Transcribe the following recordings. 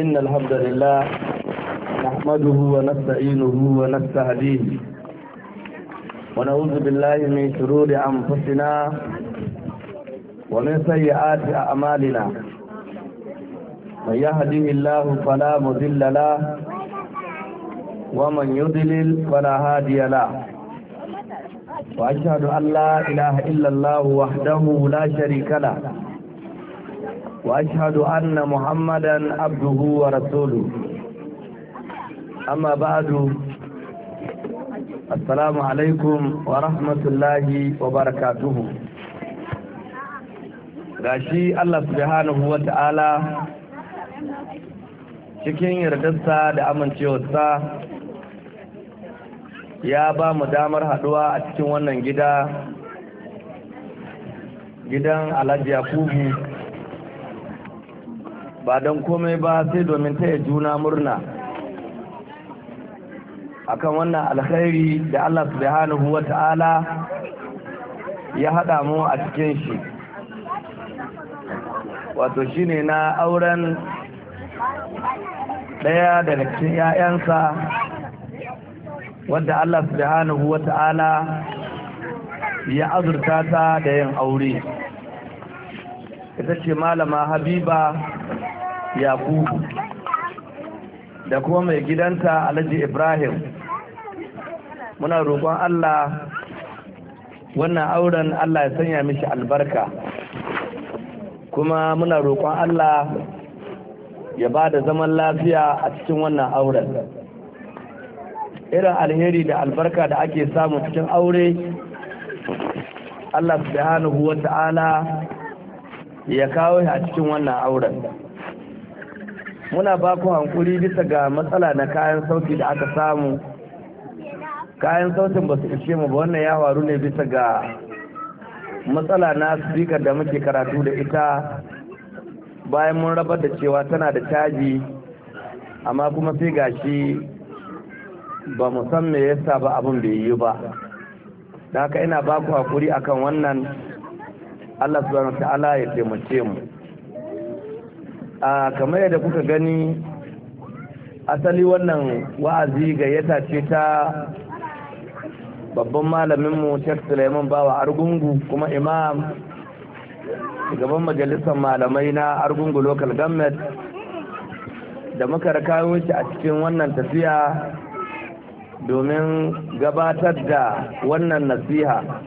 إن الحمد لله نحمده ونستعينه ونستهديه ونعوذ بالله من شرور أنفسنا ومن سيئات أعمالنا من يهده الله فلا مذل له ومن يضلل فلا هادي له وأشهد أن لا إله إلا الله وحده لا شريك له واشهد ان محمدا عبده ورسوله اما بعد السلام عليكم ورحمه الله وبركاته غاشي الله سبحانه وتعالى cikin yardarsa da amincewarsa ya ba mu damar haduwa a cikin wannan gida gidan Alhaji Yakubu ba don komai ba sai domin taya juna murna akan wannan alkhairi da Allah subhanahu wa ta'ala ya haɗa mu a cikin shi wato shi ne na auren ɗaya daga cikin 'ya'yansa wadda Allah subhanahu wa ta'ala ya azurta ta da yin aure ita ce malama habiba yakubu da kuma mai gidanta alhaji ibrahim muna roƙon allah wannan auren allah ya sanya mishi albarka kuma muna roƙon allah ya ba da zaman lafiya a cikin wannan auren irin alheri da albarka da ake samu cikin aure allah subhanahu wa ta'ala ya kawo shi a cikin wannan auren muna ba ku hankuri bisa ga matsala na kayan sauti da aka samu kayan sautin ba su ishe mu ba wannan ya faru ne bisa ga matsala na speaker da muke karatu da ita bayan mun rabar da cewa tana da caji amma kuma sai gashi ba mu san me yasa ba abin bai yi ba da haka ina ba ku hakuri akan wannan Allah subhanahu wa ta'ala ya taimace mu a kamar yadda kuka gani asali wannan wa'azi gayyata ce ta babban malaminmu Sheikh Suleiman Bawa Argungu kuma imam gaban majalisar malamai na Argungu Local Government da muka rakawo shi a cikin wannan tafiya domin gabatar da wannan nasiha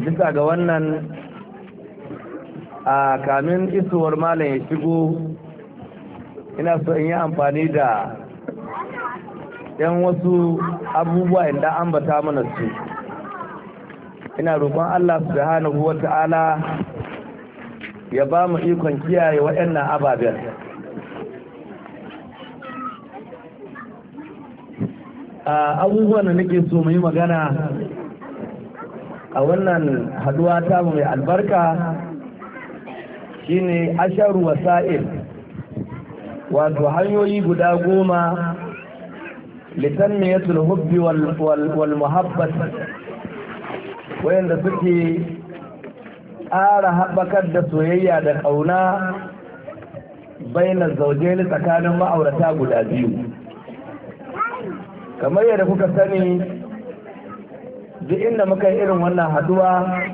bisa ga wannan a kamin isowar malam ya shigo ina so in yi amfani da yan wasu abubuwa inda ta mana su ina roƙon Allah subhanahu ta'ala ya ba mu ikon kiyaye waɗannan ababen abubuwan da nake so mu yi magana a wannan haduwa ta mai albarka shine asharu wasa'il wato hanyoyi guda goma litanmiyatul hubbi wal wal muhabbat wayanda suke ƙara haɓakar da soyayya da ƙauna bainar zaujeni tsakanin ma'aurata guda biyu kamar yadda kuka sani duk inda muka yi irin wannan haduwa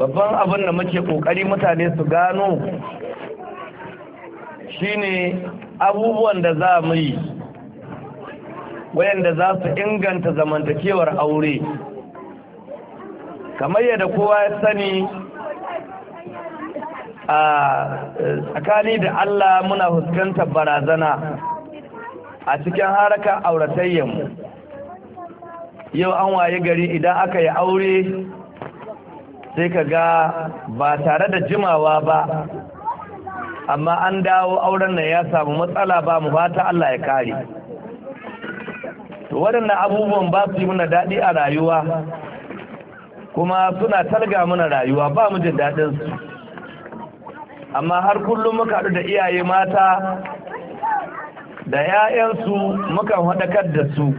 babban abin da muke kokari mutane su gano shine abubuwan da za mu yi wayanda za su inganta zamantakewar aure kamar yadda kowa ya sani a tsakani da Allah muna fuskantar barazana a cikin haraka auratayyarmu yau an waye gari idan aka yi aure sai ka ga ba tare da jimawa ba amma an dawo auren nan ya samu matsala ba mu fata Allah ya kare to waɗannan abubuwan ba su yi muna daɗi a rayuwa kuma suna targa muna rayuwa ba mu jin amma har kullum muka haɗu da iyaye mata da 'ya'yansu muka haɗakar da su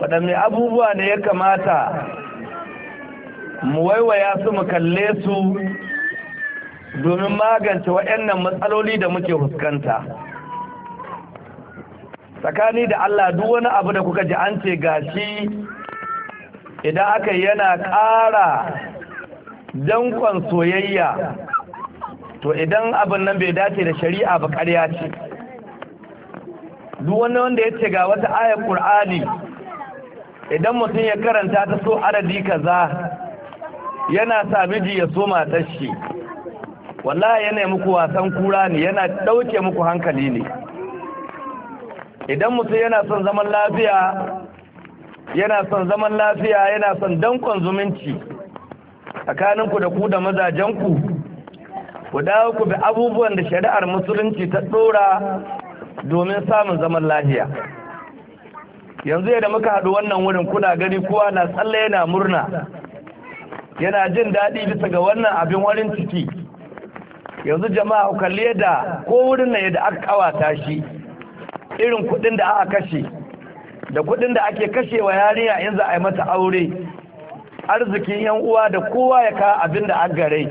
waɗanne abubuwa ne ya kamata mu waiwaya su mu kalle su domin magance waɗannan matsaloli da muke fuskanta tsakani da Allah duk wani abu da kuka ji an ce gashi idan aka yana ƙara dankon soyayya to idan abin nan bai dace da shari'a ba ƙarya ce duk wani wanda ya ce ga wata ayar ƙur'ani idan mutum ya karanta ta so adadi kaza yana sa miji ya so matar shi wallahi yana muku wasan kura ne yana ɗauke muku hankali ne idan mutum yana son zaman lafiya yana son zaman lafiya yana son dankon zumunci tsakaninku da ku da mazajenku ku dawo ku bi abubuwan da shari'ar musulunci ta ɗora domin samun zaman lafiya yanzu yadda muka haɗu wannan wurin kuna gani kowa na tsalle yana murna yana jin daɗi bisa ga wannan abin warin ciki yanzu jama'a ku kalle da ko wurin na yadda aka kawata shi irin kuɗin da aka kashe da kuɗin da ake kashe wa yarinya in za a yi mata aure arzikin yan uwa da kowa ya kawo abin da aka gare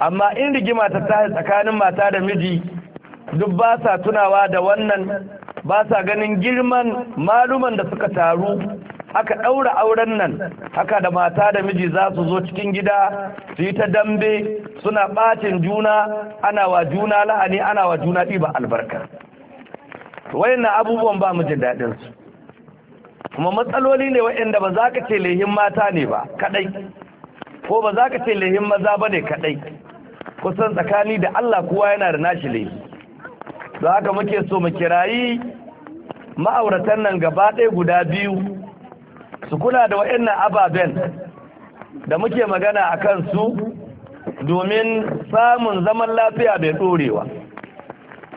amma in rigima ta tashi tsakanin mata da miji duk ba sa tunawa da wannan ba sa ganin girman maluman da suka taru aka ɗaura auren nan haka da mata da miji za su zo cikin gida su yi ta dambe suna ɓacin juna ana wa juna la'ani ana wa juna ɗiba albarka wayannan abubuwan ba mu jin daɗin su kuma matsaloli ne wayanda ba za ka ce lehin mata ne ba kaɗai ko ba za ka ce lehin maza ba ne kaɗai kusan tsakani da Allah kowa yana da nashi lehi don haka muke so mu kirayi ma'auratan nan gaba ɗaya guda biyu su kula da wa'annan ababen da muke magana a kansu domin samun zaman lafiya bai ɗorewa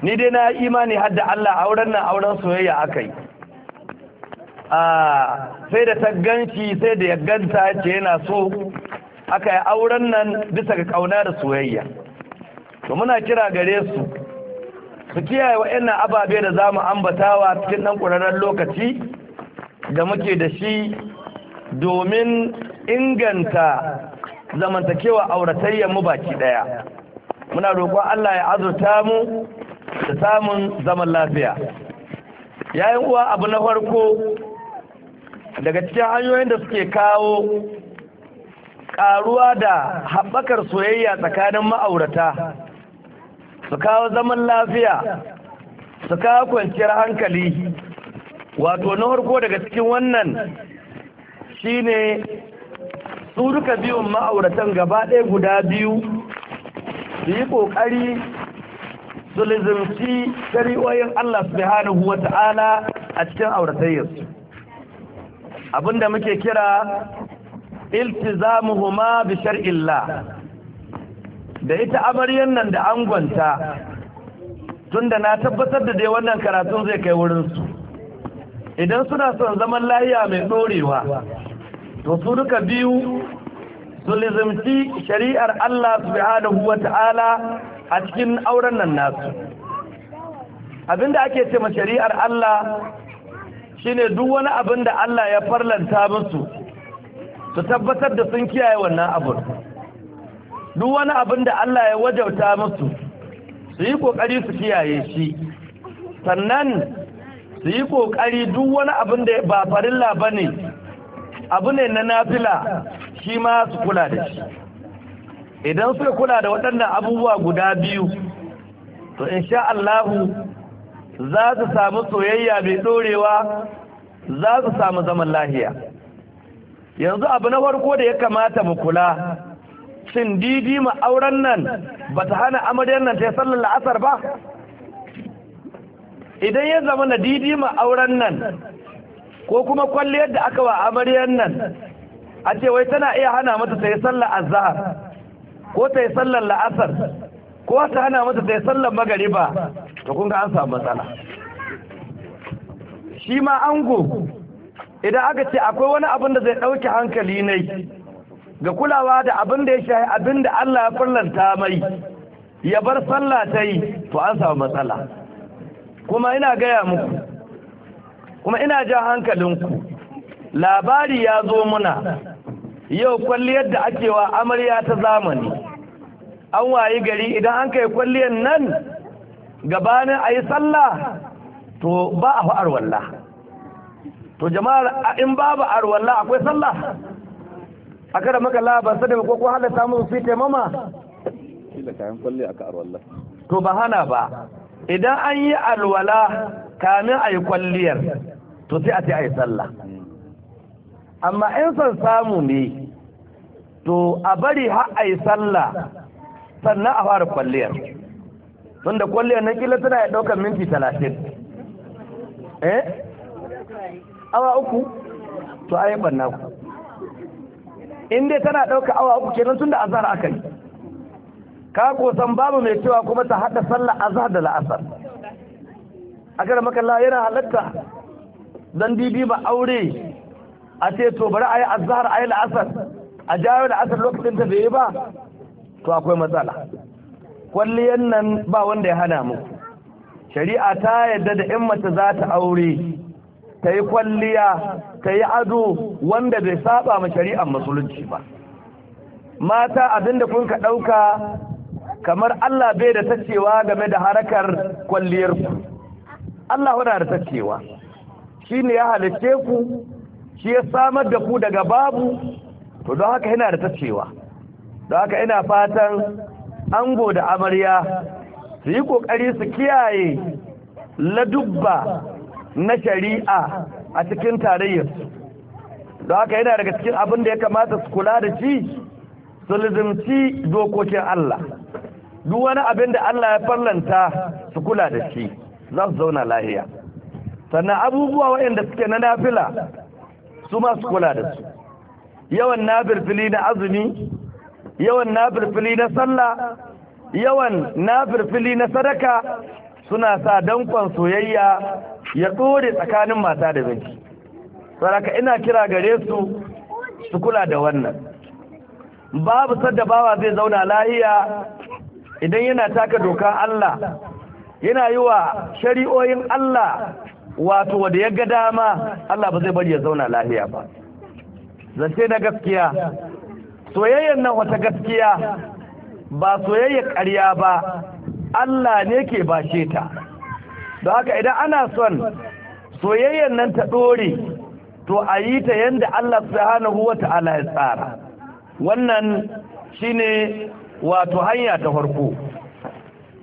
ni dai na imani hadda Allah auren nan auren soyayya aka yi sai da ta sai da ya ce yana so aka yi auren nan bisa ga kauna da soyayya to muna kira gare su su kiyaye wa'annan ababe da za mu ambatawa cikin ɗan ƙwararren lokaci da muke da shi domin inganta zamantakewa auratayya mu baki daya muna roƙon Allah ya azurta mu da samun zaman lafiya yayin uwa abu na farko daga cikin hanyoyin da suke kawo ƙaruwa da haɓakar soyayya tsakanin ma'aurata su kawo zaman lafiya su kawo kwanciyar hankali wato na harko daga cikin wannan shine su duka biyun ma'auratan gaba ɗaya guda biyu su yi ƙoƙari su lizimci shari'o'in Allah subhanahu wa ta'ala a cikin auratayyarsu abinda muke kira huma bi illa. da ita amaryan nan da angonta tunda na tabbatar da dai wannan karatun zai kai wurinsu idan suna son zaman lahiya mai ɗorewa to su duka biyu su lizimci shari'ar Allah da Huwa ta'ala a cikin auren nan nasu abinda ake ce ma shari'ar Allah shine duk wani abin da Allah ya farlanta musu su tabbatar da sun kiyaye wannan abin duk wani abin da Allah ya wajauta musu su yi kokari su kiyaye shi sannan su yi ƙoƙari duk wani abin da ba farilla ba ne abu ne na nafila shi ma su kula da shi idan suka kula da waɗannan abubuwa guda biyu to insha Allahu za su samu soyayya mai ɗorewa za su samu zaman lahiya yanzu abu na farko da ya kamata mu kula shin didi ma auren nan ba ta hana amaryar nan ta yi sallar la'asar ba idan ya zama na didima auren nan ko kuma kwalliyar da aka wa amaryar nan a ce wai tana iya hana mata ta yi sallar azhar ko ta yi sallar la'asar ko ta hana mata ta yi sallar magariba to kun an samu matsala shi ma ango idan aka ce akwai wani abin da zai ɗauke hankali ne ga kulawa da abin da ya shi abin da Allah ya furlanta mai ya bar sallah ta yi to an samu matsala kuma ina gaya muku kuma ina ja hankalinku labari ya zo muna yau kwalliyar da ake wa amarya ta zamani an wayi gari idan an kai kwalliyar nan gabanin a yi sallah to ba a fa'ar walla to jama'ar in babu al-walla akwai sallah a kada maka labar sa da ko ko halatta musu su taimama to ba hana ba idan an yi alwala kamin a yi kwalliyar to sai a ce a yi sallah amma in son samu ne to a bari har a yi sallah sannan a fara kwalliyar tun da kwalliyar na kila tana ya ɗaukar minti talatin eh awa uku to a yi ɓanna ku tana ɗaukar awa uku kenan tun da azhar aka yi ka ko san babu mai cewa kuma ta hada sallar azhar da la'asar a ga makalla yana halatta dan dibi ba aure a ce to bari ayi azhar ayi la'asar a jawo la'asar lokacin ta bai ba to akwai matsala kwalliyan nan ba wanda ya hana mu shari'a ta yadda da in mace za ta aure ta yi kwalliya ta yi ado wanda bai saba ma shari'ar musulunci ba mata abinda kun ka ɗauka kamar Allah bai da tacewa game da harakar kwalliyar ku Allah yana da tacewa ne ya halitte ku shi ya samar da ku daga babu to don haka yana da tacewa don haka ina fatan ango da amarya su yi ƙoƙari su kiyaye ladubba na shari'a a cikin tarayyarsu don haka yana daga cikin abin da ya kamata su kula da shi su lizimci dokokin Allah duk wani abin da Allah ya farlanta su kula da shi za su zauna lahiya sannan abubuwa waɗanda suke na nafila su ma su kula da su yawan nafirfili na azumi yawan nafirfili na sallah yawan nafirfili na sadaka suna sa dankon soyayya ya ɗore tsakanin mata da miji saraka ina kira gare su su kula da wannan babu sadda bawa zai zauna lahiya idan yana taka doka Allah yana yi wa shari'oyin Allah wato wadda ya ga dama Allah ba zai bari ya zauna lahiya ba zance na gaskiya soyayyar nan wata gaskiya ba soyayyar karya ba Allah ne ke bashe ta don haka idan ana son soyayyar nan ta ɗore to a yi ta yadda Allah huwa ta ta'ala ya tsara wannan shi ne. wato hanya ta farko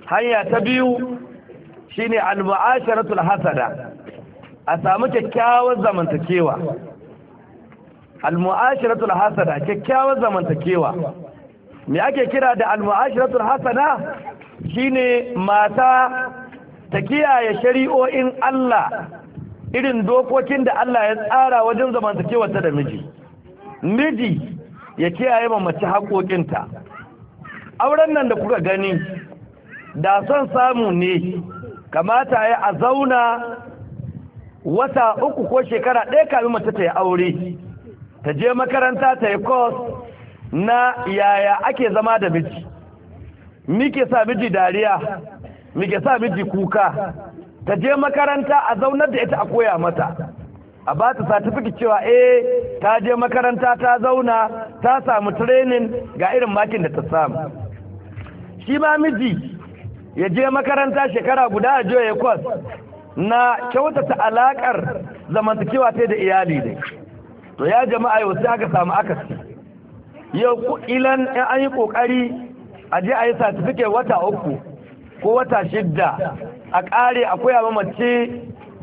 hanya ta biyu shine al-mu'asharatul hasada a samu kyakkyawar zamantakewa al-mu'asharatul hasada kyakkyawar zamantakewa me ake kira da al-mu'asharatul hasada shine mata ta kiyaye shari'o'in Allah irin dokokin da Allah ya tsara wajen ta da miji miji ya kiyaye ma mace haƙoƙinta auren nan da kuka gani da son samu ne kamata ya a zauna wata uku ko shekara ɗaya kamin mata ta yi aure ta je makaranta ta yi kos na yaya ake zama da miji mike sa miji dariya mike sa miji kuka ta je makaranta a zaunar da ita a koya mata a ba ta satifiki cewa eh ta je makaranta ta zauna ta samu training ga irin makin da ta samu shi ma miji ya je makaranta shekara guda a ya kwas na kyautata alaƙar zamantakewa ta da iyali ne to ya jama'a yau sai aka samu akasi yau ilan in an yi ƙoƙari a je a yi satifike wata uku ko wata shidda a ƙare a koya ma mace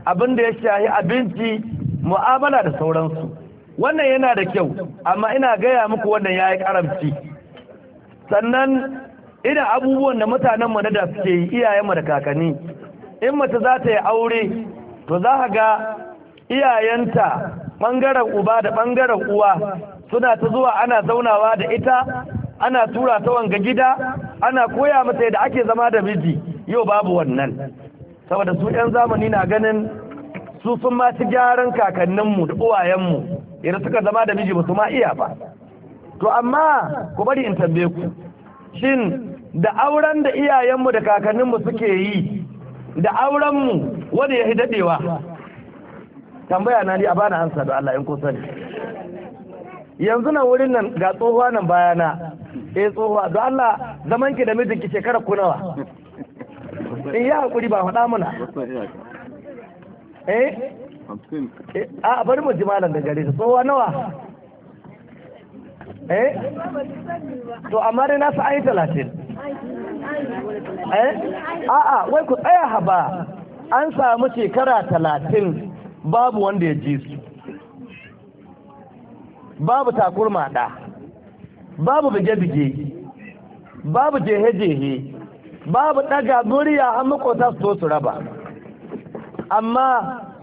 abin da ya shahi abinci mu'amala da sauransu wannan yana da kyau amma ina gaya muku wannan ya yi karamci sannan ina abubuwan da mutanen mu na da suke yi iyayen mu da kakanni in mace za ta yi aure to za ka ga iyayenta bangaren uba da bangaren uwa suna ta zuwa ana zaunawa da ita ana tura ta wanga gida ana koya mata yadda ake zama da miji yau babu wannan saboda su 'yan zamani na ganin su sun ma ci gyaran kakanninmu da uwayenmu idan suka zama da miji ba su ma iya ba to amma ku bari in tambaye ku shin da auren da iyayenmu da kakanninmu suke yi da aurenmu wanda ya yi dadewa. tambaya na ni a bana ansa da Allah in ko sani yanzu nan wurin nan ga tsohuwa nan bayana eh tsohuwa don Allah zaman ki da mijinki shekara ku nawa in eh, yi hakuri ba faɗa muna eh? eh a bari mu ji malam da gare ta tsohuwa nawa eh to amma dai na ayi talatin eh a'a wai ku tsaya haba an samu shekara talatin babu wanda ya ji su babu takurma ɗa babu bige-bige babu jehe-jehe babu ɗaga murya an makota su su raba amma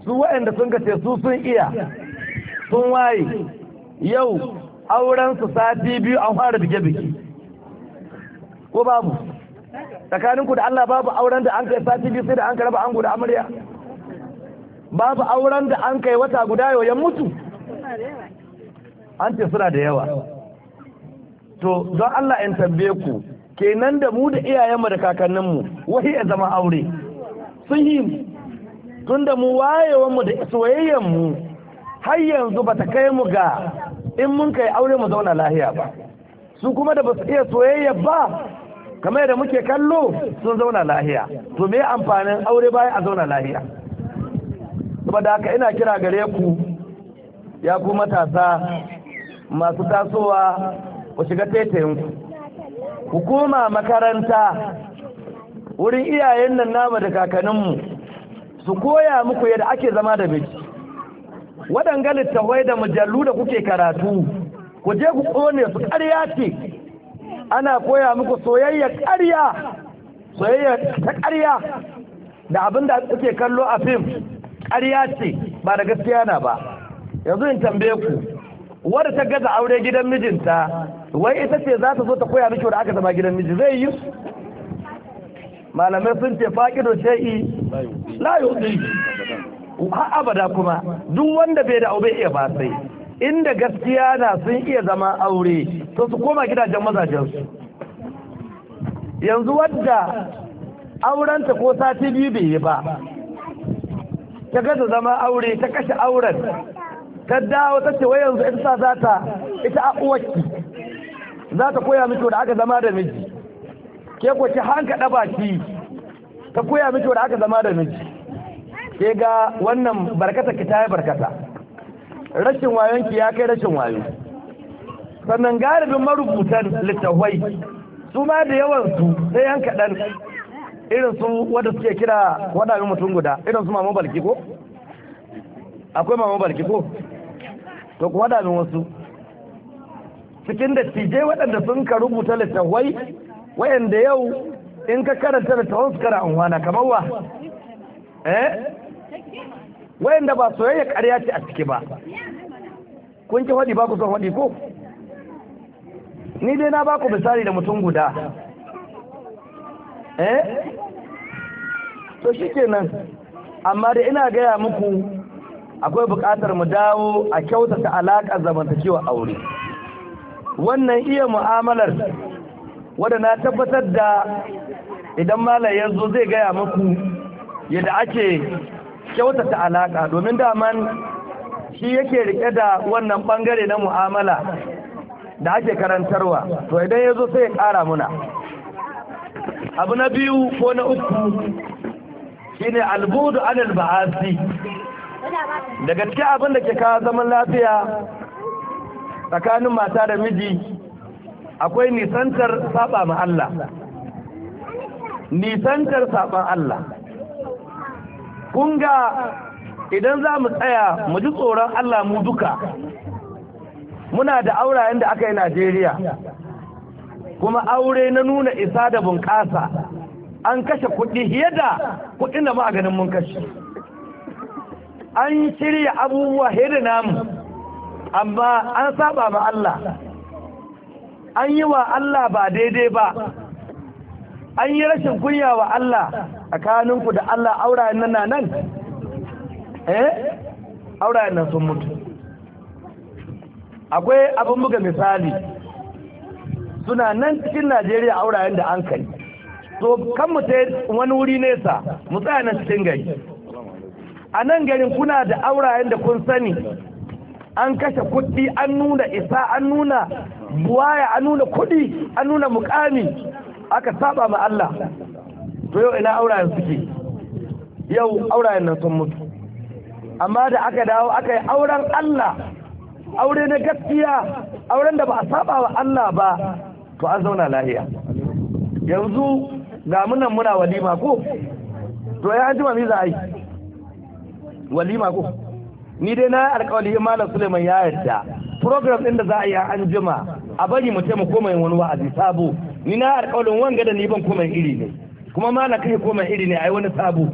su waɗanda sun gace su sun iya sun waye yau auren su sati biyu an fara bige bige ko babu tsakanin ku da Allah babu auren da an kai sati biyu sai da an karaba ango da amarya babu auren da an kai wata guda yoyon mutu an ce suna da yawa to don Allah in tambaye ku kenan da mu da iyayenmu da kakanninmu wahi ya zama aure sun yi tun da mu wayewanmu da soyayyenmu har yanzu ba ta kai mu ga in mun kai aure mu zauna lahiya ba su kuma da basu iya soyayya ba kamar yadda muke kallo sun zauna lahiya to me amfanin aure bayan a zauna lahiya da haka ina kira gare ku ya ku matasa masu tasowa ku shiga taitayin ku koma makaranta wurin iyayen nan nama da kakanninmu su koya muku yadda ake zama da miji waɗanga littafai da mujallu da kuke karatu ku je ku ƙone su ƙarya ce ana koya muku soyayya ƙarya soyayya ta ƙarya da abin da kuke kallo a fim ƙarya ce ba da gaskiya na ba yanzu in tambaye ku wadda ta gaza aure gidan mijinta wai ita ce za ta zo ta koya miki wadda aka zama gidan miji zai yi malamai sun ce faƙido shai'i la yi abada kuma duk wanda bai da aure iya ba sai inda gaskiya na sun iya zama aure to su koma gidajen mazajen su yanzu wadda aurenta ko sati biyu bai yi ba ta gaza zama aure ta kashe auren ta dawo ta ce wai yanzu ita za ta ita a za ta koya miki da aka zama da miji ke ko ki hanka ki ta koya miki da aka zama da miji ke ga wannan barkata ki ta yi barkata rashin wayon ki ya kai rashin wayo sannan galibin marubutan littafai su ma da yawan su sai yan kaɗan irin su wanda suke kira waɗannan mutum guda irin su mama balki ko akwai mama balki ko to ku waɗannan wasu cikin dattijai waɗanda sun ka rubuta littafai da yau in ka karanta littafin su kara wana kamar wa eh wayanda ba soyayya ƙarya ce a ciki ba kun ki faɗi ba ku son faɗi ko ni dai na ba ku misali da mutum guda eh to shikenan amma da ina gaya muku akwai buƙatar mu dawo a kyautata alaƙar zamantakewa aure wannan iya mu'amalar wadda na tabbatar da idan malam yanzu zai gaya muku yadda ake kyautata alaka domin daman shi yake rike da wannan bangare na mu'amala da ake karantarwa to idan ya zo sai ya ƙara muna abu na biyu ko na uku shine albudu anil ba'asi daga cikin abin da ke kawo zaman lafiya tsakanin mata da miji akwai nisantar saba ma Allah nisantar saban Allah Kunga idan za mu tsaya mu ji tsoron Allah mu duka muna da aurayen da aka yi Najeriya kuma aure na nuna isa da bunƙasa an kashe kuɗi fiye da kuɗin da ganin mun kashe an shirya abubuwa fiye namu amma an saba ma Allah an yi wa Allah ba daidai ba an yi rashin kunya wa Allah tsakaninku da Allah aurayen nan nan eh aurayen nan sun mutu akwai abin buga misali suna nan cikin Najeriya aurayen da an kai to kan mutu wani wuri nesa mu tsaya nan cikin gari a nan garin kuna da aurayen da kun sani an kashe kuɗi an nuna isa an nuna buwaya an nuna kuɗi an nuna mukami aka saba ma Allah to yau ina aurayen suke yau aurayen nan sun mutu amma da aka dawo aka yi auren Allah aure na gaskiya auren da ba a saba wa Allah ba to an zauna lahiya yanzu ga munan muna walima ko to ya ji mami za a yi walima ko ni dai na alƙawari malam Suleiman ya yarda program ɗin da za a yi an jima a bari mu taimako mai wani wa'azi sabo ni na alƙawarin wanga da ni ban koma iri ne kuma ma na kai koma iri ne ai wani sabo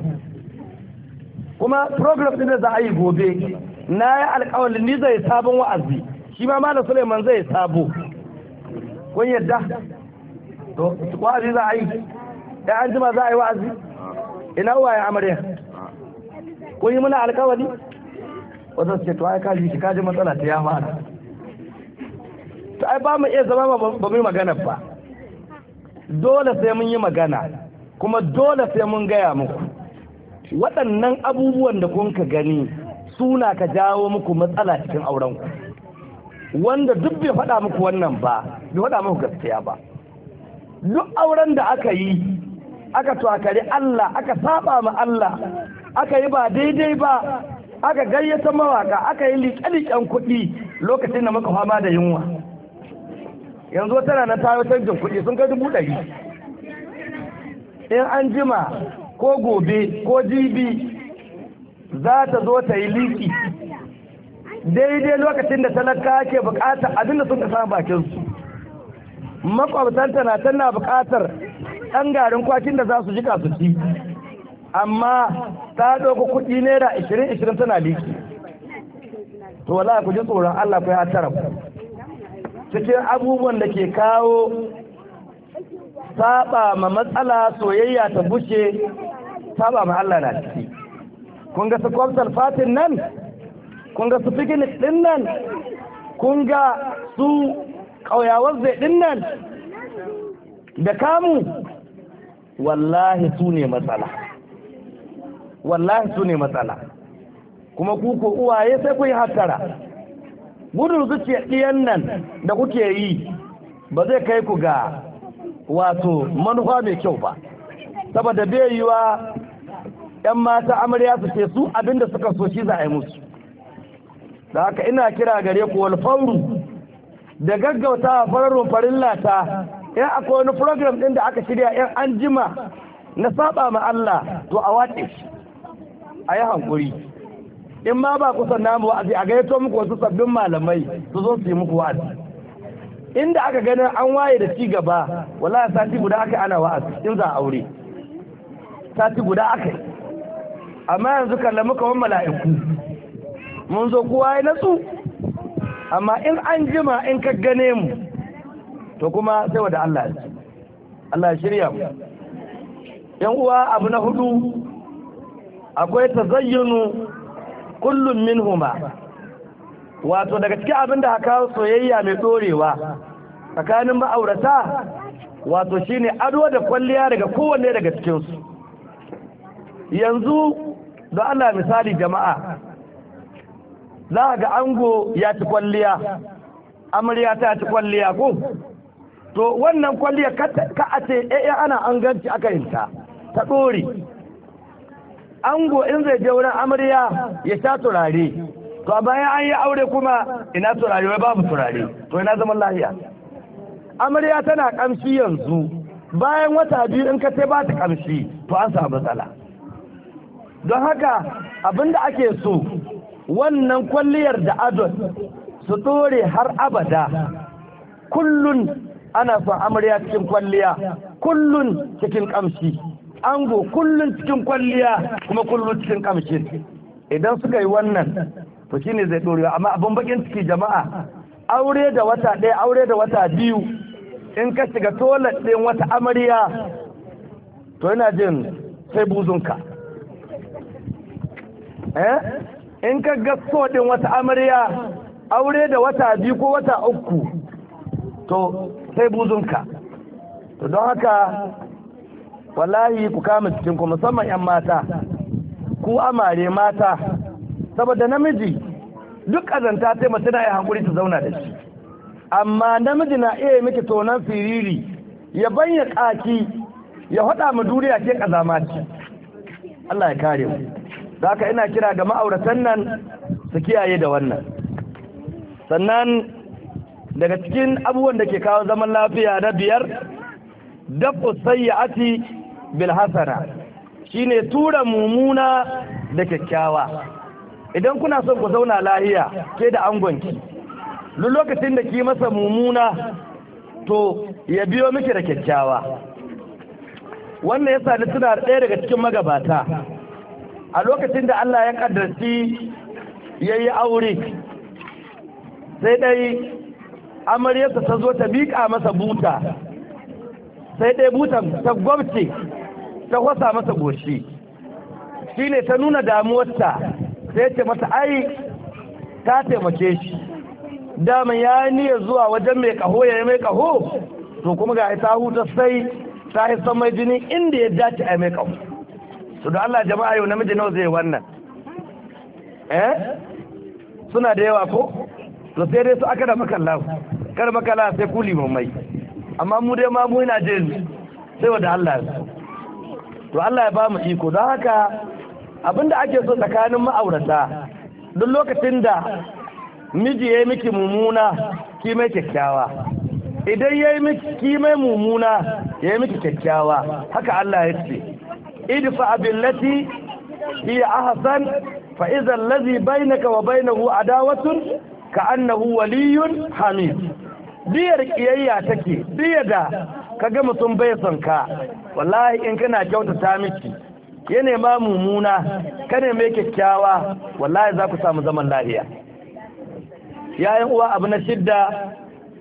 kuma program din da za a yi gobe na yi alƙawarin ni zai sabon wa'azi shi ma malam Suleiman zai sabo kun yadda to wa'azi za a yi da an jima za a yi wa'azi ina ya amarya kun yi muna alƙawari wata ce to ai ji ka ji matsala ta ya fara to ai ba mu iya zama ba mu yi magana ba dole sai mun yi magana kuma dole sai mun gaya muku waɗannan abubuwan da kun ka gani suna ka jawo muku matsala cikin aurenku wanda duk bai faɗa muku wannan ba bai faɗa muku gaskiya ba duk auren da aka yi aka tuwakari Allah aka saba ma Allah aka yi ba daidai ba aka gayyata mawaka aka yi liƙe-liƙen kuɗi lokacin da muka fama da yunwa yanzu wata rana ta yi canjin kuɗi sun kai dubu ɗari in an jima ko gobe ko jibi za ta zo ta yi liki daidai lokacin da talaka ke bukata abinda sun ka samu bakinsu makwabtanta na tana bukatar ɗan garin kwakin da za su jika su ci amma ta ɗauka kuɗi naira ishirin ishirin tana liki to wala ku ji tsoron allah ku ya tara ku cikin abubuwan da ke kawo saba ma matsala soyayya ta bushe saba ma Allah na ciki kun ga su kwamsar fatin nan kun ga su picnic din nan kun ga su ƙauyawar zai din nan da kamu wallahi su ne matsala wallahi su ne matsala kuma kuku uwaye sai kun yi hattara gudun zuci ɗiyan nan da kuke yi ba zai kai ku ga wato manufa mai kyau ba saboda bai yi wa 'yan mata amarya su ce su abinda suka so shi za a yi musu da haka ina kira gare ku walfauru da gaggauta farar rumfarin lata in akwai wani program ɗin da aka shirya 'yan anjima. na saba ma Allah to a wace a yi hankuri in ma ba ku sanna namu wa'azi a gayyato muku wasu sabbin malamai su zo su yi muku wa'azi inda aka ganin an waye da ci gaba wallahi sati guda aka ana wa'azi in za a aure sati guda aka amma yanzu kalla muka wani mala'iku mun zo kowa ya natsu amma in an jima in ka gane mu to kuma sai wada Allah ya Allah ya shirya mu yan uwa abu na hudu akwai tazayyunu kullum minhuma wato daga cikin abin da kawo soyayya mai dorewa tsakanin ma'aurata wato shine ado da kwalliya daga kowanne daga cikinsu yanzu don Allah misali jama'a za ga ango ya ci kwalliya amarya ta ci kwalliya ko to wannan kwalliya ka a ce eh, ana an ganci aka yinta ta ɗore ango in zai je wurin amarya ya sha turare to bayan an yi aure kuma ina turare wai babu turare to ina zaman lahiya amarya tana kamshi yanzu bayan wata biyu in ka ce ba ta kamshi to an samu matsala don haka abinda ake so wannan kwalliyar da adon su dore har abada kullun ana son amarya cikin kwalliya kullun cikin kamshi ango kullum cikin kwalliya kuma kullum cikin kamshi idan suka yi wannan to shine zai dorewa amma abin bakin ciki jama'a aure da wata ɗaya aure da wata biyu in ka shiga tolar ɗin wata amarya to yana jin sai buzunka eh in ka ga so ɗin wata amarya aure da wata biyu ko wata uku to sai buzunka to don haka wallahi ku kama cikin ku musamman 'yan mata ku amare mata saboda namiji duk ƙazanta ta taimaka tana iya hankuri ta zauna da shi amma namiji na iya yi miki tonon firiri ya banya kaki ya haɗa mu duniya ke kazamaci ce Allah ya kare mu da ina kira ga ma'auratan nan su kiyaye da wannan sannan daga cikin abubuwan da ke kawo zaman lafiya na biyar dafu sayyati Bilhassana shi ne tura mummuna da kyakkyawa idan kuna son ku zauna lahiya ke da angonki duk lokacin da ki masa mummuna to ya biyo miki da kyakkyawa wannan yasa sani suna ɗaya daga cikin magabata a lokacin da Allah ya ya yi aure sai dai amaryarsa ta zo ta miƙa masa buta sai dai butan ta gwamce ta wasa masa goshi shi ne ta nuna damuwarta sai ce masa ai ta taimake shi daman ya niyya zuwa wajen mai kaho ya yi mai kaho to kuma ga ta huta sai ta yi san mai jini inda ya dace a mai kaho su da Allah jama'a yau namiji nawa zai wannan eh suna da yawa ko to sai dai su aka da makalla kar makalla sai kuli mai amma mu dai ma mu ina jin sai wa da Allah to Allah ya ba mu iko don haka abinda ake so tsakanin ma'aurata duk lokacin da miji ya yi miki mummuna ki kyakkyawa idan ya yi miki ki mai mummuna ya yi miki kyakkyawa haka Allah ya ce idfa billati hi ahsan fa idza allazi bainaka wa bainahu adawatun ka annahu waliyyun hamid biyar kiyayya take biyar da Ka kaga mutum bai son ka wallahi in kana kyautata miki ya nema mummuna ka mai kyakkyawa wallahi za ku samu zaman lafiya yayin uwa abu na shidda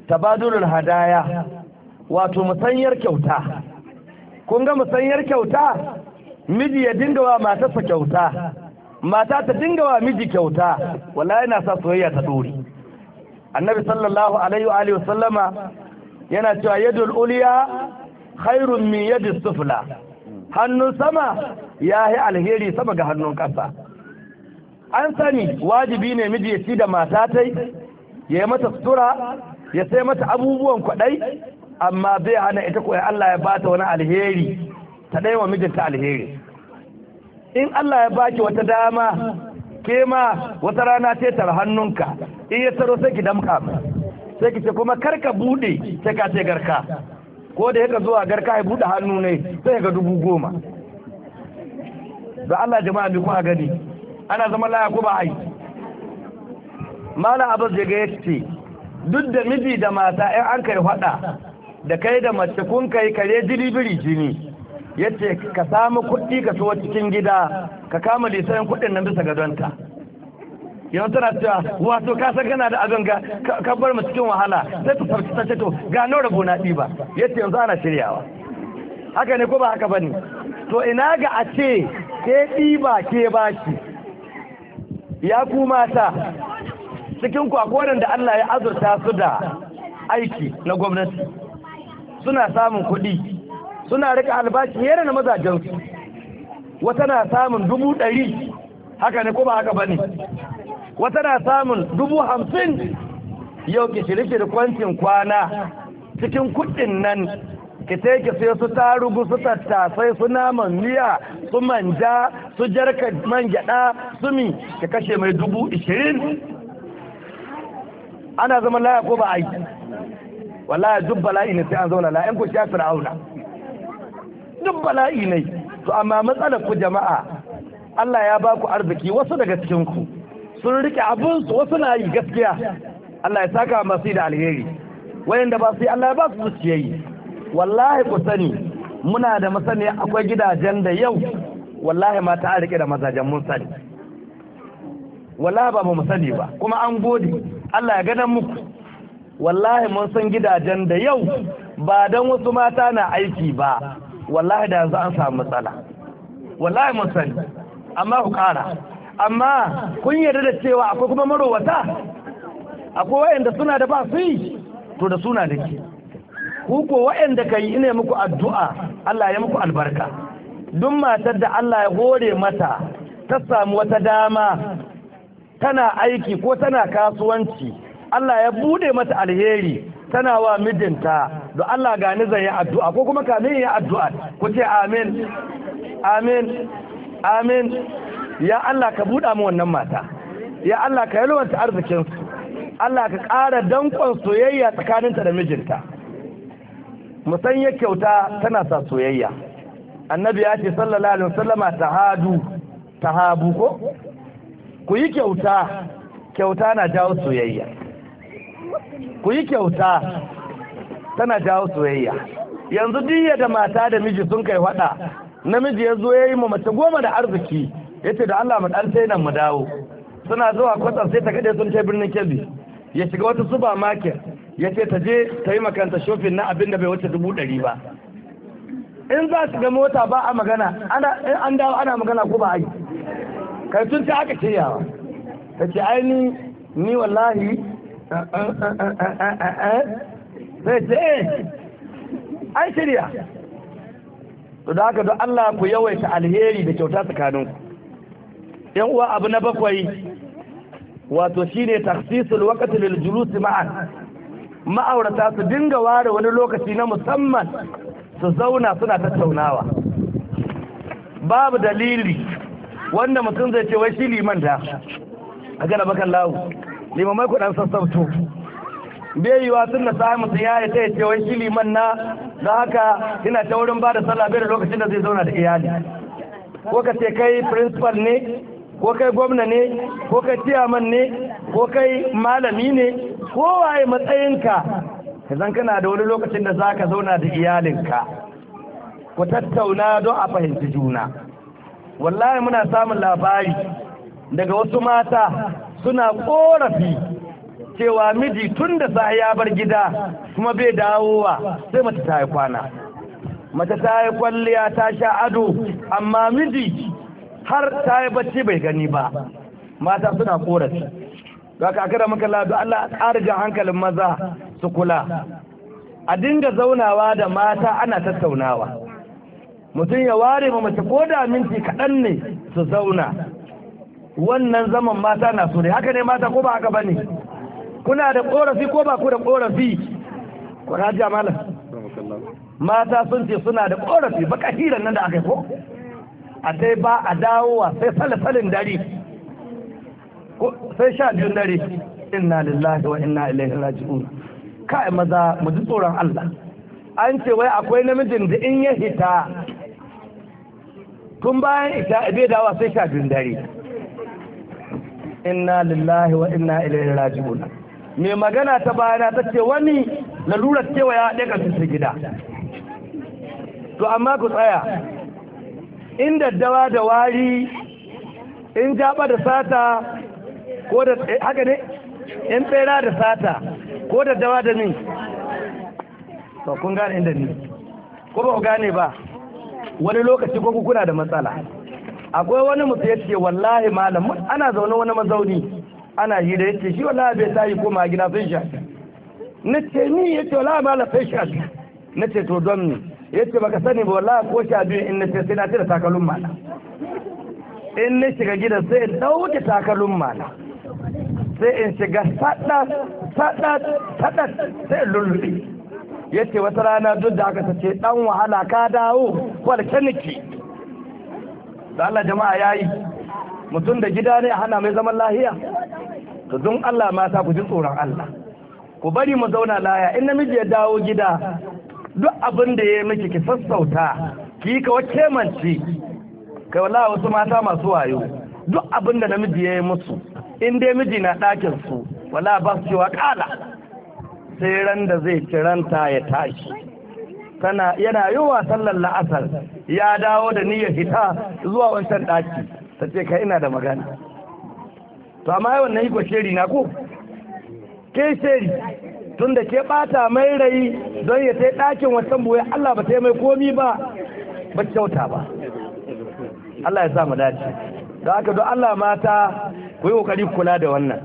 tabadulul hadaya wato musanyar kyauta kun ga musanyar kyauta miji ya dinga wa matarsa kyauta mata ta dinga wa miji kyauta wallahi na sa soyayya ta dore annabi sallallahu alaihi wa alihi yana cewa yadul uliya khairun min yadis sufla hannun sama ya yi alheri sama ga hannun ƙasa an sani wajibi ne miji ya ci da mata tai ya yi mata sutura ya sai mata abubuwan kwaɗai amma bai hana ita koyi Allah ya bata wani alheri ta ɗaya wa mijinta alheri in Allah ya baki wata dama ke ma wata rana ce tar hannunka in ya taro sai ki damka mai sai ki ce kuma karka bude sai ka ce garka ko da yaka zuwa garka ya bude hannu ne sai ga dubu goma da Allah jama'a bi kuma gani ana zama laya ko ba ai mala abaz ya ga yace duk da miji da mata in an kai fada da kai da mace kun kai kare jiribiri jini yace ka samu kuɗi ka so cikin gida ka kama lisan kuɗin nan bisa gadonta yanzu tana cewa wato ka san kana da abin ga ka bar mu cikin wahala sai ta farci ta to ga nawa rabo na ɗiba yace yanzu ana shiryawa haka ne ko ba haka bane to ina ga a ce ke ɗiba ke baki ya ku mata cikin kwakwaran da Allah ya azurta su da aiki na gwamnati suna samun kuɗi suna rika albashi yana na su wata na samun dubu ɗari haka ne ko ba haka bane wata na samun dubu hamsin yau ki da kwancin kwana cikin kuɗin nan ki sai ki sai su tarugu su tattasai su naman miya su manja su jarka man gyada su mi ki kashe mai dubu ishirin ana zama laya ko ba a yi wallahi duk bala'i ne sai an zauna la'yan ku sha fir'auna duk bala'i ne to amma matsalar ku jama'a Allah ya ba ku arziki wasu daga cikinku sun rike abinsu wasu na yi gaskiya Allah ya saka masu da alheri wayanda ba su yi Allah ya ba su zuciyayi wallahi ku sani muna da masani akwai gidajen da yau wallahi mata ta rike da mazajen mun sani wallahi ba mu sani ba kuma an gode Allah ya gadan muku wallahi mun san gidajen da yau ba don wasu mata na aiki ba wallahi da yanzu an samu matsala wallahi mun sani amma ku kara amma kun yarda da cewa akwai kuma marowata akwai wayanda suna da ba yi to da suna da ke ku ko wayanda kai ina muku addu'a Allah ya muku albarka duk matar da Allah ya hore mata ta samu wata dama tana aiki ko tana kasuwanci Allah ya bude mata alheri tana wa mijinta da Allah gani zai yi addu'a ko kuma kamin yi addu'a ku ce amin amin amin ya Allah ka buɗa mu wannan mata ya Allah ka yalwanta arzikinsu Allah ka ƙara danƙon soyayya tsakaninta da mijinta ya kyauta tana sa soyayya annabi ya ce sallallahu alaihi wasallama ta habu ko ku yi kyauta kyauta na jawo soyayya ku yi kyauta tana jawo soyayya yanzu duniya da mata da miji sun kai faɗa namiji ya zo ya yi ma mace goma da arziki ya ce da Allah mu ɗan sai nan mu dawo suna zuwa kwatsar sai ta kaɗe sun ce birnin kebbi ya shiga wata suba makin ya ce ta je ta yi makanta shofin na abin da bai wuce dubu ɗari ba in za su ga mota ba a magana in an dawo ana magana ko ba a yi kai sun ce aka ce yawa ta ce aini ni wallahi sai ce eh an shirya to da haka don Allah ku yawaita alheri da kyauta tsakaninku yan uwa abu na bakwai wato shine taksisul waqti lil julus ma'a ma'aurata su dinga ware wani lokaci na musamman su zauna suna tattaunawa babu dalili wanda mutum zai ce wai shi liman da a gana bakan lawu limamai kudan sassauto bai yiwa tun da samun mutum ya ta ce wai shi liman na don haka yana ta wurin ba da sallah bai da lokacin da zai zauna da iyali ko ka ce kai principal ne ko kai gwamna ne ko kai ciyaman ne ko kai malami ne ko waye matsayinka zan kana da wani lokacin da za ka zauna da iyalinka ku tattauna don a fahimci juna wallahi muna samun labari daga wasu mata suna korafi cewa miji tun da sa ya bar gida kuma bai dawowa sai mace ta yi kwana mace ta yi kwalliya ta sha ado amma miji har ta yi bacci bai gani ba mata suna korafi ga kakar muka ladu Allah ƙarga hankalin maza su kula a dinga zaunawa da mata ana tattaunawa mutum ya ware ma mace ko da minti kaɗan ne su zauna wannan zaman mata na so ne haka ne mata ko ba haka ba ne kuna da korafi ko ba ku da korafi ku raja mata sun ce suna da korafi baka kahiran nan da aka yi ko a dai ba a dawowa sai fale-falen dare sai sha biyun dare inna lillahi wa inna ilaihi raji'un kai maza mu ji tsoron Allah an ce wai akwai namijin da in ya hita tun bayan ita bai dawa sai sha biyun dare inna lillahi wa inna ilaihi raji'un mai magana ta bayana ta ce wani lalurar cewa ya haɗe ƙarfin gida to amma ku tsaya in daddawa da wari in jaba da sata ko da eh, haka ne in tsera da sata ko daddawa da ni to kun gane inda ni ko ba ku gane ba wani lokaci ko kuna da matsala akwai wani mutu ya ce wallahi malam ana zaune wani mazauni ana da yace shi wala bai tayi koma gida sun sha na ce ni yace wala ba la sai sha na ce to don ni yace baka sani ba wala ko sha biyu in na ce sai na tira takalun mana in na shiga gidan sai in dauke takalun mana sai in shiga sada sada sada sai in lulluɓe yace wata rana duk da aka sace dan wahala ka dawo kwalkeniki da Allah jama'a yayi mutum da gida ne a hana mai zaman lahiya to don Allah mata ku ji tsoron Allah ku bari mu zauna laya in namiji ya dawo gida duk abin da ya yi miki ki sassauta ki yi kawai kemanci kai wala wasu mata masu wayo duk abin da namiji ya yi musu in dai miji na ɗakin su wala ba su cewa ƙala sai ran da zai kiranta ya tashi tana yana yi sallar la'asar ya dawo da niyyar fita zuwa wancan ɗaki ta ce ka ina da magana to amma yawan na iko sheri na ko ke sheri tun da ke bata mai rai don ya sai ɗakin wasan buwai Allah ba yi mai komi ba ba kyauta ba Allah ya sa mu dace da haka don Allah mata ku yi kokari kula da wannan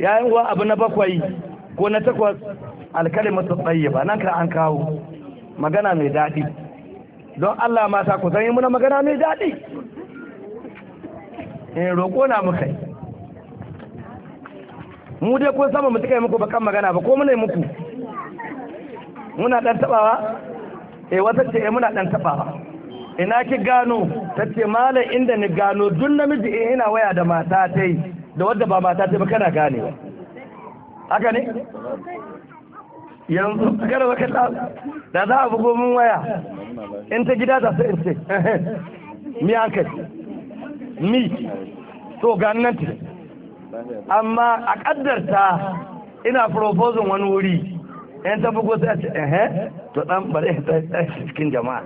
yayin wa abu na bakwai ko na takwas masu ba nan ka an kawo magana mai daɗi don Allah mata ku san yi muna magana mai daɗi In eh, roƙo na muka yi mu dai kun sama mutuka yi muku bakan magana ba ko muna yi muku muna ɗan taɓawa E wata ce eh, muna ɗan taɓawa ina ki gano ta ce malam inda ni gano dun namiji in ina waya da mata ta yi da wadda ba mata ta ba kana ganewa haka ne yanzu kada baka da za a bugo mun waya in ta gida ta sai in ce mi hankali ni to gannati amma a ta ina proposing wani wuri yan tafi ko sai a ce ehe to dan bari ta cikin jama'a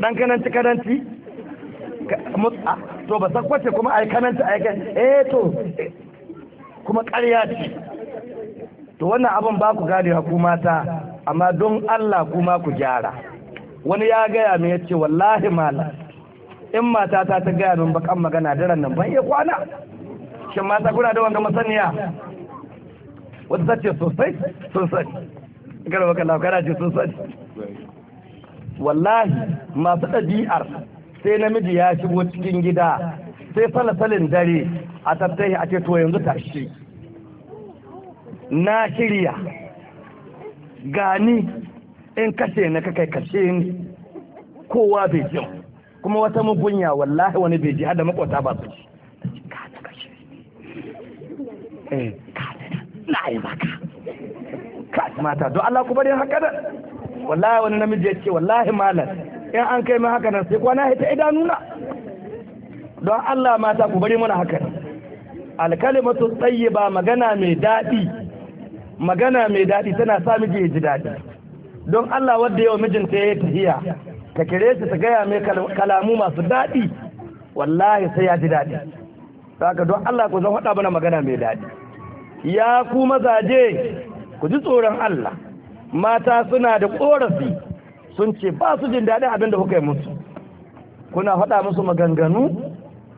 dan kananci kananci to ba kwace kuma ai kananci ai eh to eh, kuma ƙarya ce to wannan abin ba ku gane ku mata amma don Allah kuma ku gyara wani ya gaya mai ya ce wallahi malam in mata ta ta gaya min bakan magana daren nan ban iya kwana shin mata kuna da wanga masaniya wata ta ce sosai sun sani baka kan laukara ce sun sani wallahi masu ɗabi'ar sai namiji ya shigo cikin gida sai salin dare a tattahi a ce to yanzu tashi na shirya gani in kashe na kakai kashe ni kowa bai jin kuma wata mugunya wallahi wani bai ji hada makwata ba su ji eh, na yi maka ka mata don Allah ku bari haka da wallahi wani namiji ya ce wallahi malam in an kai min haka nan sai kwana ta idanuna don Allah mata ku bari mana haka nan alkalimatu ba magana mai daɗi magana mai daɗi tana sa miji ya ji daɗi don Allah wanda yau mijinta ya yi tahiya ta kire shi ta gaya mai kalamu masu daɗi wallahi sai ya ji daɗi saka don Allah ku zan faɗa mana magana mai daɗi ya ku mazaje ku ji tsoron Allah mata suna da ƙorafi sun ce ba su jin daɗi abin da kuka yi musu kuna haɗa musu maganganu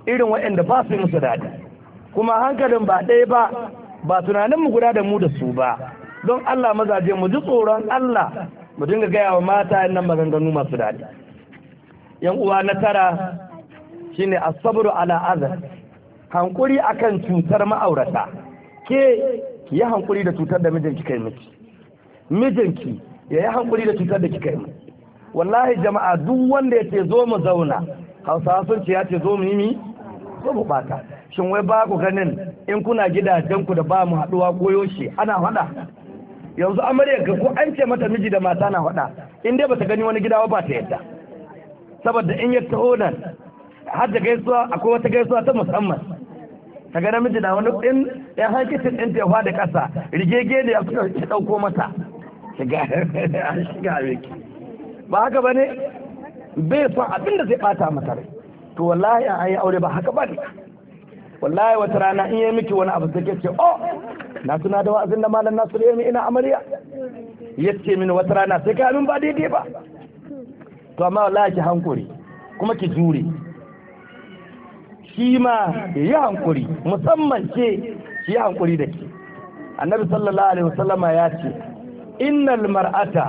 irin waɗanda ba su yi musu daɗi kuma hankalin ba ɗaya ba ba mu guda da mu da su ba don Allah mazaje mu ji tsoron Allah mu dinga gaya wa mata nan maganganu masu daɗi yan uwa na tara shine asabru ala azar hankuri akan cutar ma'aurata ke yi hankuri da cutar da mijinki kai miki mijinki ya yi hankuri da cutar da kai miki wallahi jama'a duk wanda ya ce zo mu zauna hausawa sun ce ya ce zo mu yi mi zo mu bata shin wai ba ku ganin in kuna gidajen ku da ba mu haɗuwa koyo shi ana haɗa yanzu amaryar ka ko an ce mata miji da mata na faɗa in dai ta gani wani gida ba ta yadda saboda in ya taho nan har da gaisuwa akwai wata gaisuwa ta musamman ta ga namiji da wani in ya hanki tin din ta da kasa rigege ne ya suka ki dauko mata shiga shiga miki ba haka bane bai son abin da zai bata mata rai to wallahi an yi aure ba haka bane wallahi wata rana in yi miki wani abu sai ke ce oh na suna da wa'azin da malam da ya ina amarya yace mini wata rana sai ka min ba daidai ba to amma wallahi ki hankuri kuma ki jure shi ma yi hankuri musamman ce ki yi hankuri da ke annabi sallallahu alaihi wasallama ya ce innal mar'ata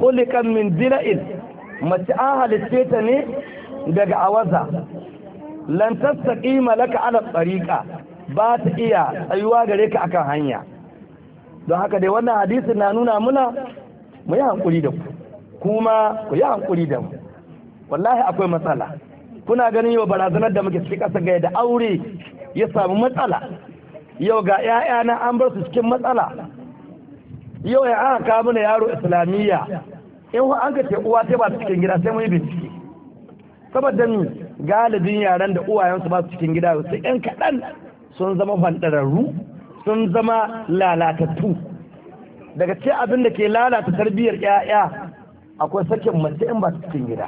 khuliqan min dira'in mace an halitte ta ne daga awaza lan tastaqima laka ala tariqa ba ta iya tsayuwa gare ka akan hanya don haka dai wannan hadisin na nuna muna mu yi hankuri da ku kuma ku yi hankuri da mu wallahi akwai matsala kuna ganin yau barazanar da muke cikin ƙasa ga da aure ya samu matsala yau ga 'ya'ya na an bar su cikin matsala yau ya aka kawo mana yaro islamiyya in an ka uwa sai ba su cikin gida sai mun yi bincike saboda ni galibin yaran da uwayensu ba su cikin gida sai yan kaɗan sun zama bandararru sun zama lalatattu daga ce abin da ke lalata tarbiyyar 'ya'ya akwai sakin mace in ba su cikin gida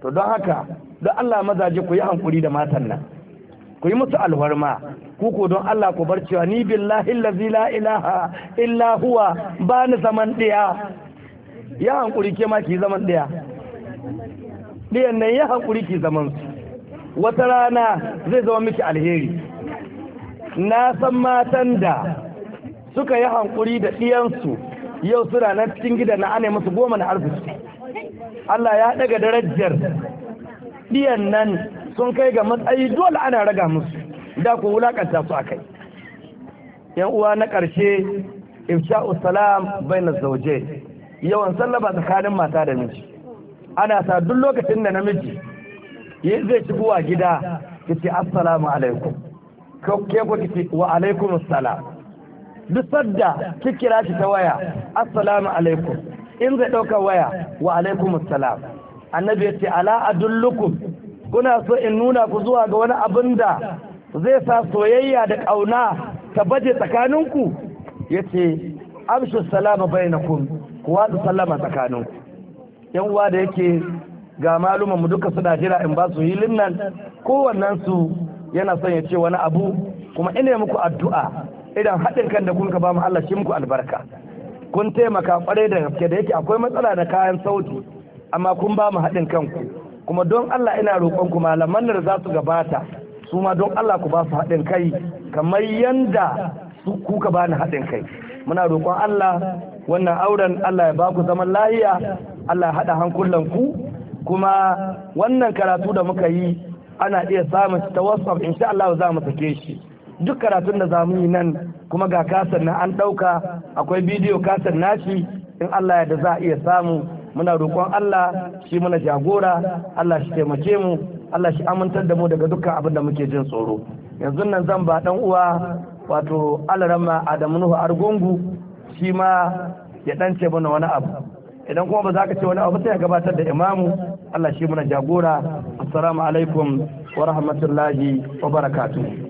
to don haka don Allah mazaje ku yi hankuri da matan nan ku yi musu alwarma ku ko don Allah ku bar cewa ni billahi allazi la ilaha illa huwa ba ni zaman ɗaya. ya hankuri ke ma ki zaman ɗaya. ɗiyan nan ya hankuri ki zaman su wata rana zai zama miki alheri na san matan da suka yi hankuri da ɗiyansu yau suna nan cikin gida na ana musu goma na arziki Allah ya daga darajar ɗiyan nan sun kai ga matsayi dole ana raga musu da ku wulakanta su akai yan uwa na ƙarshe ifsha'u salam na zauje yawan sallaba tsakanin mata da miji ana sa duk lokacin da namiji zai shigowa gida ki ce assalamu alaikum ke ku kici wa alaikum assalam duk sadda ki kira shi ta waya assalamu alaikum in zai ɗauka waya wa alaikum assalam annabi ya ce ala adullukum kuna so in nuna ku zuwa ga wani abin da zai sa soyayya da ƙauna ta baje tsakaninku ya ce amshi salama bai na kun, ku watsa sallama tsakaninku yan uwa da yake ga malumanmu duka suna jira in ba su hilin nan kowannensu yana son ya ce wani abu kuma ina muku addu'a idan haɗin kan da kun ka ba mu Allah shi muku albarka kun taimaka kwarai da gaske da yake akwai matsala da kayan sauti amma kun ba mu haɗin kanku kuma don Allah ina roƙon ku malaman da za su gabata su ma don Allah ku ba su haɗin kai kamar yanda su kuka ba ni haɗin kai muna roƙon Allah wannan auren Allah ya ba ku zaman lahiya Allah ya haɗa hankulanku kuma wannan karatu da muka yi ana iya samun ta whatsapp insha Allah za mu sake shi duk karatun da zamu yi nan kuma ga kasar na an ɗauka akwai bidiyo kasar nashi in Allah ya da za a iya samu muna roƙon Allah shi muna jagora Allah shi taimake mu Allah shi amintar da mu daga dukkan abin da muke jin tsoro yanzu nan zan ba dan uwa wato alarama Adamu Nuhu Argungu shi ma ya dan ce mana wani abu idan kuma ba za ka ce wani abu sai ya gabatar da imamu Allah shi muna jagora assalamu alaikum wa rahmatullahi wa barakatuh